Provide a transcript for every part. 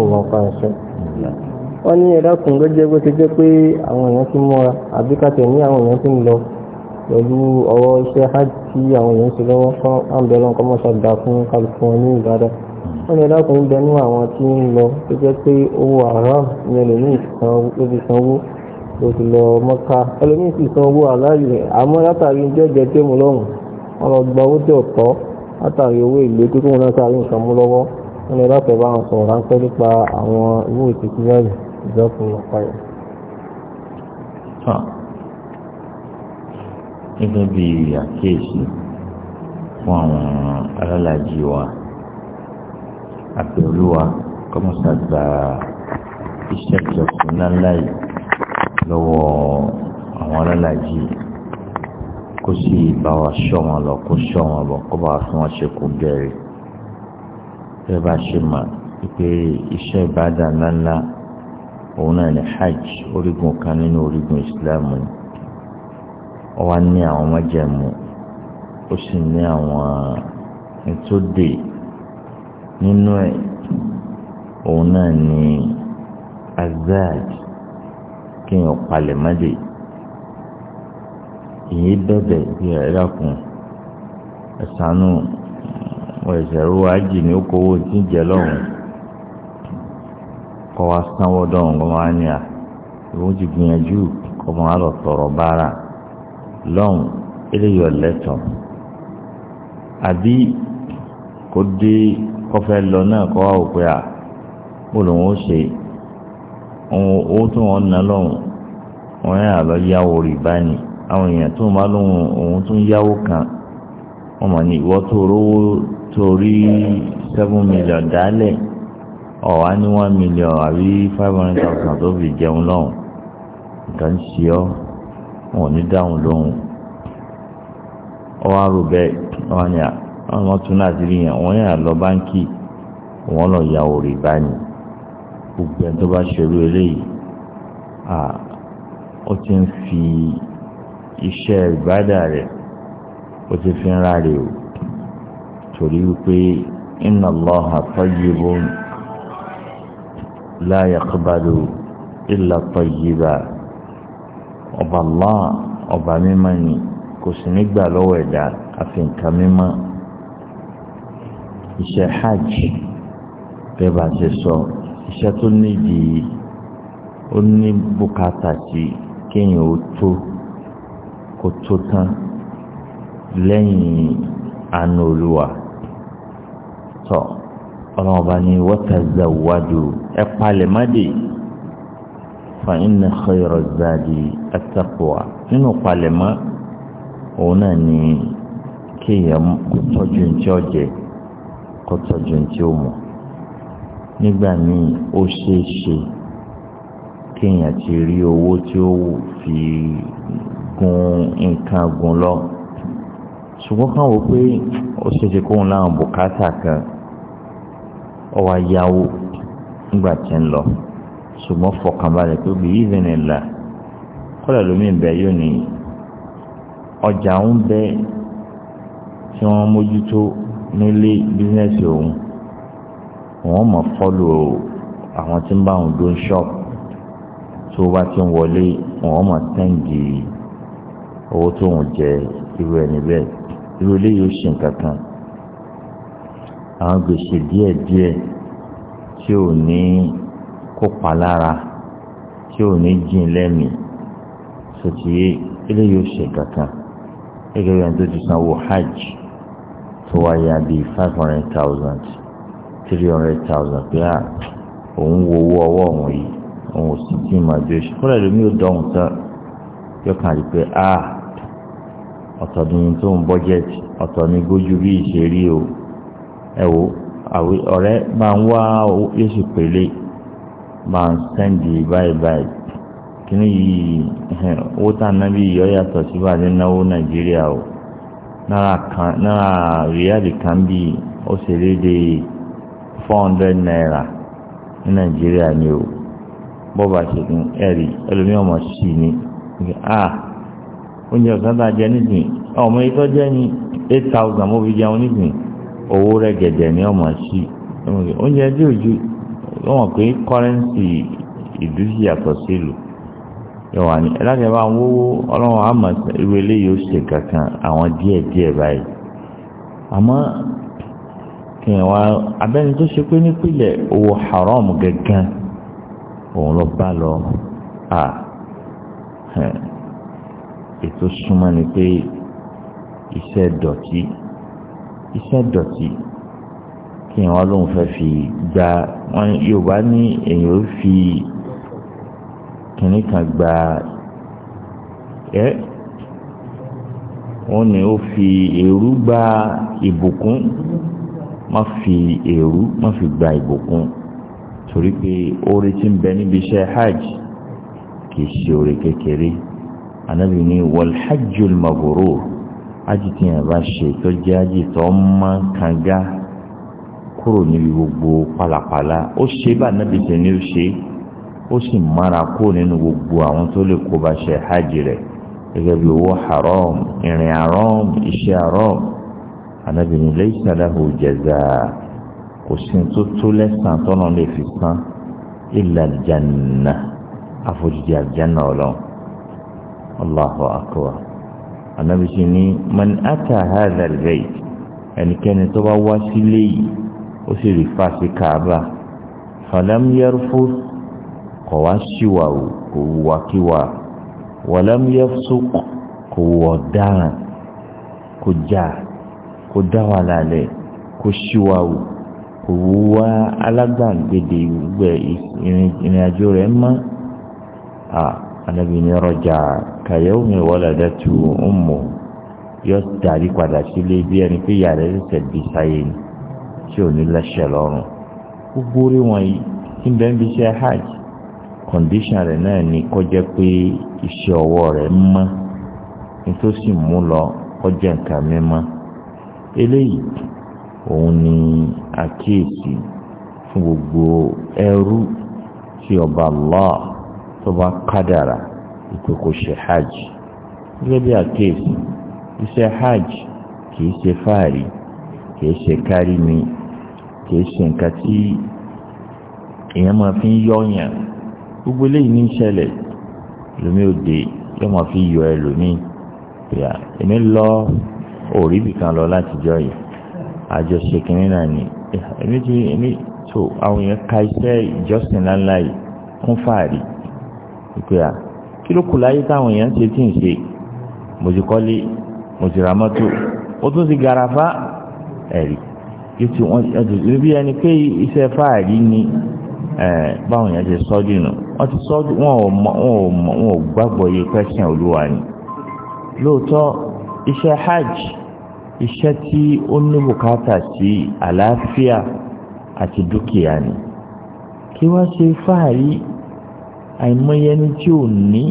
ọgbọ̀npa ẹ̀ṣẹ́ wọ́n ní ẹ̀dàkùn ló jẹ́ bó ti jẹ́ pé àwọn èèyàn ti mọ́ra àbí kàtẹ̀ ní àwọn èèyàn ti ń lọ pẹ̀lú ọwọ́ iṣẹ́ hajj tí àwọn èèyàn ti lọ́wọ́ fún àǹbẹ̀lọ́ kọ́mọ́ṣà gbà fún kálukú wọn ní ìgbàdá wọ́n ní ẹ̀dàkùn ń bẹnu àwọn tí ń lọ tó jẹ́ pé owó haram ní ẹlòmíì ló ti sanwó ló wọn lè dápẹ́ bá wọn sọ̀rọ̀ ráńpẹ́ nípa àwọn owó ìtìkú lẹ́yìn ìjọpọ̀ ọ̀páyọ̀. gẹ́gẹ́ bí àkíyèsí fún àwọn alálàájì wa àbẹ̀olúwa kọ́mọ́sá gba iṣẹ́ ìjọsìn ńláńlá yìí lọ́wọ́ àwọn alálàájì kó sì bá wa ṣọ́ wọn lọ kó ṣọ́ wọn bọ̀ kó bá wa fún wọn ṣe kó gẹ̀rẹ́ bẹ́ẹ̀ bá ṣe mà pé iṣẹ́ ìbádà ńláńlá òun náà ní hajj orígun kan nínú orígun islam ni ó wá ní àwọn májẹ̀mú ó sì ní àwọn ètò dè nínú ẹ̀ òun náà ní azad kéèyàn palẹ̀ mọ́dé èyí bẹ̀bẹ̀ bí ẹ̀rọ kùn ẹ̀sánú. wọ́n ẹ̀sẹ̀ rú àjì ní ó kówó tí ń jẹ lọ́hùn kọ́ sanwó dọ̀hùn máa ní à ìwọ́n ti gbìyànjú kọ́ bára eléyìí ọ̀lẹ́tọ̀ àbí kò dé kọ́fẹ́ lọ náà kọ́ wa à bó lòun ó ṣe ó tún wọn kan wọn mọ̀ ní tó seven million dálẹ̀ ọ̀wá ní one million àbí five hundred thousand tó fi jẹun lọ́hùn nǹkan ṣe ọ́ wọn ò ní dáhùn lóhùn ọwọ́ àrò bẹ́ẹ̀ wọ́n ní àwọn tún náà ti rí yẹn wọ́n yà lọ báńkì wọ́n lọ ya òrì báyìí gbogbo ẹni tó bá ṣerú eléyìí ó ti ń fi iṣẹ́ ìbádà rẹ̀ ó ti fi ń ráre o torí wípé inna Allaha tayyibun la yaqbalu illa tayyiba ọba Allah ọba mímọ́ ni kò sì nígbà lọ́wọ́ ẹ̀dá àfi nǹkan mímọ́ iṣẹ́ hajj bẹ́ẹ̀ ṣe sọ iṣẹ́ tó nídìí ó ní bùkátà sí kéèyàn ó tó kó tó tán lẹ́yìn àánú tọ̀ ọlọ́run ọba ní watazawwadu ẹ palẹ̀ má dé fa inna khayra zadi at-taqwa nínú palẹ̀ má òun náà ní kéèyàn kó tọ́jú ní tí ó jẹ nígbà míì ó ṣeé kéèyàn ti rí owó tí ó fi gun nǹkan gun lọ ṣùgbọ́n káwọn pé ó ṣeé kóun láwọn bùkátà kan ọwọ́ ayáwó nígbà tí ń lọ ṣùgbọ́n fọkànbalẹ̀ tó bí ìzìnì là kọ́lẹ̀ lómi bẹ yóò ní ọjà ń bẹ tí wọ́n mójútó nílé bísínẹ́sì òun wọ́n mọ̀ fọ́lù àwọn tí ń bá òun dó ṣọ́ọ̀bù tó bá ti ń wọlé wọ́n mọ̀ tẹ́ǹgì owó tó ń jẹ irú ẹni bẹ́ẹ̀ irú ilé yóò ṣe nǹkan kan àwọn gbèsè díẹ̀díẹ̀ tí ò ní kópa lára tí ò ní jìn lẹ́mìí sòtìyé eléyìí ò ṣe kankan gẹ́gẹ́ bí wọn tó ti sanwó hajj tó wáyà bíi five hundred thousand three hundred thousand pé à ah, òun wo owó ọwọ́ òun yìí òun ò sì tí ì máa jó ṣe kúrẹ́ lómi ò tán yóò kàn rí pé a ah, ọ̀tọ̀ ni tó ń bọ́jẹ̀tì ọ̀tọ̀ ni gbójú bí ìṣe rí o. ẹ̀wò ọ̀rẹ́ máa ń wá yéṣù pèlè máa ń sẹ́ǹdì báyìí báyìí kíní yìí owó tá à ná bí sí a o náírà ríálì kan bí ó 400 naira ní nàìjíríà ni o bọ́ọ̀bà ṣe kún ẹ̀rí ẹlòmíràn ndị sí ni oúnjẹ ọ̀sán tá jẹ nísìnyí ọmọ yìí jẹ́ ní owó rẹ̀gẹ̀dẹ̀ ní ọmọ sí oúnjẹ dé ojú wọ́n mọ̀ pé kọ́rẹ́ǹsì ìlú sì yàtọ̀ sí ìlú yọ̀wá ni ẹ̀láṣẹ bá ń wówó ọlọ́run àmọ̀ irú eléyìí ó ṣe kankan àwọn díẹ̀ díẹ̀ báyìí àmọ́ kí abẹ́ni tó ṣe pé nípìnlẹ̀ owó haram gangan òun lọ bá lọ à ètò súnmọ́ ni pé iṣẹ́ dọ̀tí iṣẹ́ dọ̀tí kí wọ́n lóun fẹ́ fi gba wọn yorùbá ní èèyàn ó fi kìnnì kan gba ẹ wọn ni ó fi èrú gba ìbùkún má fi èrú má fi gba ìbùkún torí pé oore tí ń bẹ níbi iṣẹ́ hajj kì í ṣe oore kékeré anabi ni wal hajjul ájì tí yẹn bá ṣe tó jẹ́ ájì tó máa ń kanga kúrò níbi gbogbo pálapàla ó ṣe bá nàbì tẹ̀ ní ó ṣe ó sì mára kúrò nínú gbogbo àwọn tó lè kó bá ṣe hajj rẹ̀ gẹ́gẹ́ bí owó haram ìrìn haram iṣẹ́ haram ànábì ní laysa lahu jazaa kò sí tó tó lẹ́sàn tọ́nà lè fi san illa al-janna àfojìjì àjànà Allahu akbar anabi sì ní man ata hazal bayt ẹnikẹ́ni tó bá wá sílé yìí ó sì rí fàṣí kaaba falam yarfus kò wá síwà o kò wúwa kíwà walam yafsuq kò wọ dáhàn kò já kò dá wà lálẹ́ kò síwà o kò wúwa alágbàǹgbèdè ìrìn àjò rẹ̀ mọ́ anábì ní rọjà kàyọ́mì waladatu ummu yóò darí padà sílé bí ẹni pé ìyá rẹ̀ ṣẹ̀ṣẹ̀ bí ni tí ò ní lẹ́ṣẹ̀ lọ́rùn gbogbo orí wọn yìí tí ń bí iṣẹ́ hajj náà ni pé mú lọ nǹkan eléyìí òun ni àkíyèsí gbogbo ẹrú tí ọba Allah tó bá kádàrà ìpè kò ṣe hajj gẹ́gẹ́ bí àkéèsì iṣẹ́ hajj kìí ṣe fáàrí kìí ṣe kárí mi kìí ṣe nǹkan tí èèyàn máa fi ń yọ̀yàn gbogbo eléyìí ní ìṣẹ̀lẹ̀ lómi òde yóò máa fi yọ ẹlòmíì pèà èmi lọ òrí bìkan lọ látijọ́ yìí àjọṣe kìnínní náà ni èmi ti èmi tó àwọn èèyàn ka iṣẹ́ ìjọsìn ńláńlá kún fáàrí pé à kí ló kù láyé táwọn èèyàn ṣe tí ń ṣe mo ti kọ́lé mo ó tún ti garafa ẹ̀rí ètò wọn ẹ̀dùn bí ẹni pé iṣẹ́ fáàrí ni báwọn èèyàn ṣe sọ dìnnà wọ́n ti sọ wọn ò mọ wọn ò gbàgbọ́ iye pẹ́sìn olúwa ni lóòótọ́ iṣẹ́ hajj iṣẹ́ tí ó ní bùkátà sí àlàáfíà àti dúkìá ni kí wọ́n ṣe fáàrí àìmọye ẹni tí ò ní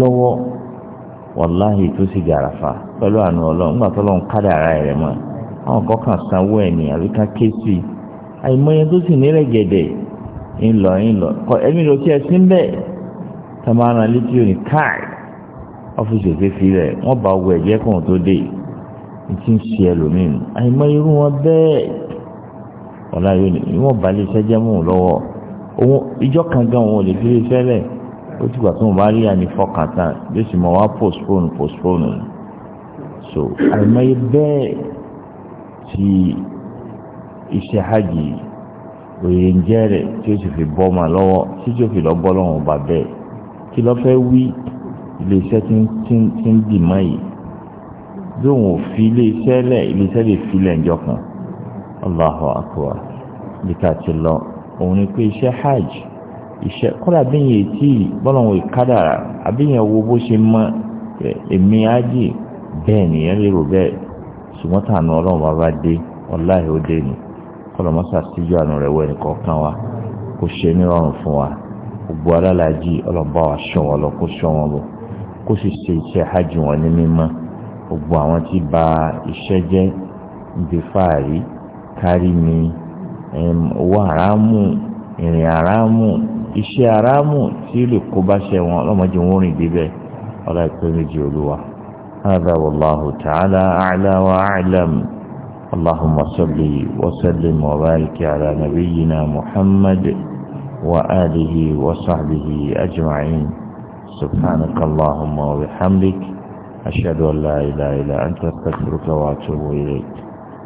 lọ́wọ́ wàláhì tó sì gàràfà pẹ̀lú àánú ọlọ́run nígbà tó lọ́n kádà ara rẹ̀ mọ́ àwọn kan kàn sanwó ẹ̀ àbí ká ké sí i àìmọye tó sì nírẹ̀ gẹ̀dẹ̀ ńlọ ńlọ kọ ẹ̀mí ló kí ẹ ń bẹ̀ tamara létí òní káì ọ́fíìsì òféèfé rẹ̀ wọ́n bá wọ ẹ̀jẹ̀ kan tó dé ti ń ṣe ẹlòmíì àìmọye irú wọn bẹ́ẹ̀ wọ́n bá lè ṣẹ́jẹ́ mú lọ́wọ́ òun ìjọ kan gan òun ò lè fi fẹ́lẹ̀ ó ti gbà tó wọn bá rí àní fọkàn tán yóò sì mọ wá postpone postpone so àìmọye bẹ́ẹ̀ ti iṣẹ́ hajj òye ń jẹ́ rẹ̀ tí ó sì fi bọ́ ọmọ lọ́wọ́ tí tí ó fi lọ́ bọ́ lọ́wọ́ bá bẹ́ẹ̀ kí lọ́ fẹ́ wí iléeṣẹ́ tí ń dì mọ́ yìí bí òun ò fi iléeṣẹ́ lẹ̀ iléeṣẹ́ lè fi lẹ̀ ń jọ kan Allahu akbar bí ká lọ. òun ni pé iṣẹ́ hajj iṣẹ́ kọ́dà bí yẹn tí bọ́lọ̀wọ̀ ìkádàrà àbí yẹn wo bó ṣe mọ èmi ájì bẹ́ẹ̀ nìyẹn lérò bẹ́ẹ̀ ṣùgbọ́n tànù ọlọ́run bá bá dé ọláì ó dé ni kọ́dà mọ́sá síjú àánú rẹ̀ wẹ̀ nìkan kan wa kó ṣe nírọ̀rùn fún wa gbogbo alálàájì ọlọ́ba wa wọn lọ kó wọn kó sì ṣe hajj wọn ní mímọ́ gbogbo àwọn tí ba iṣẹ́ jẹ́ ń owó àràmù ìrìn àràmù iṣẹ́ àràmù tí ó lè kó bá ṣe wọn ọlọ́mọdé wọn rìn débẹ̀ ọlá ìpè méjì olúwa هذا والله تعالى أعلى وأعلم اللهم صل وسلم وبارك على نبينا محمد وآله وصحبه أجمعين سبحانك اللهم وبحمدك أشهد أن لا إله إلا أنت أستغفرك وأتوب إليك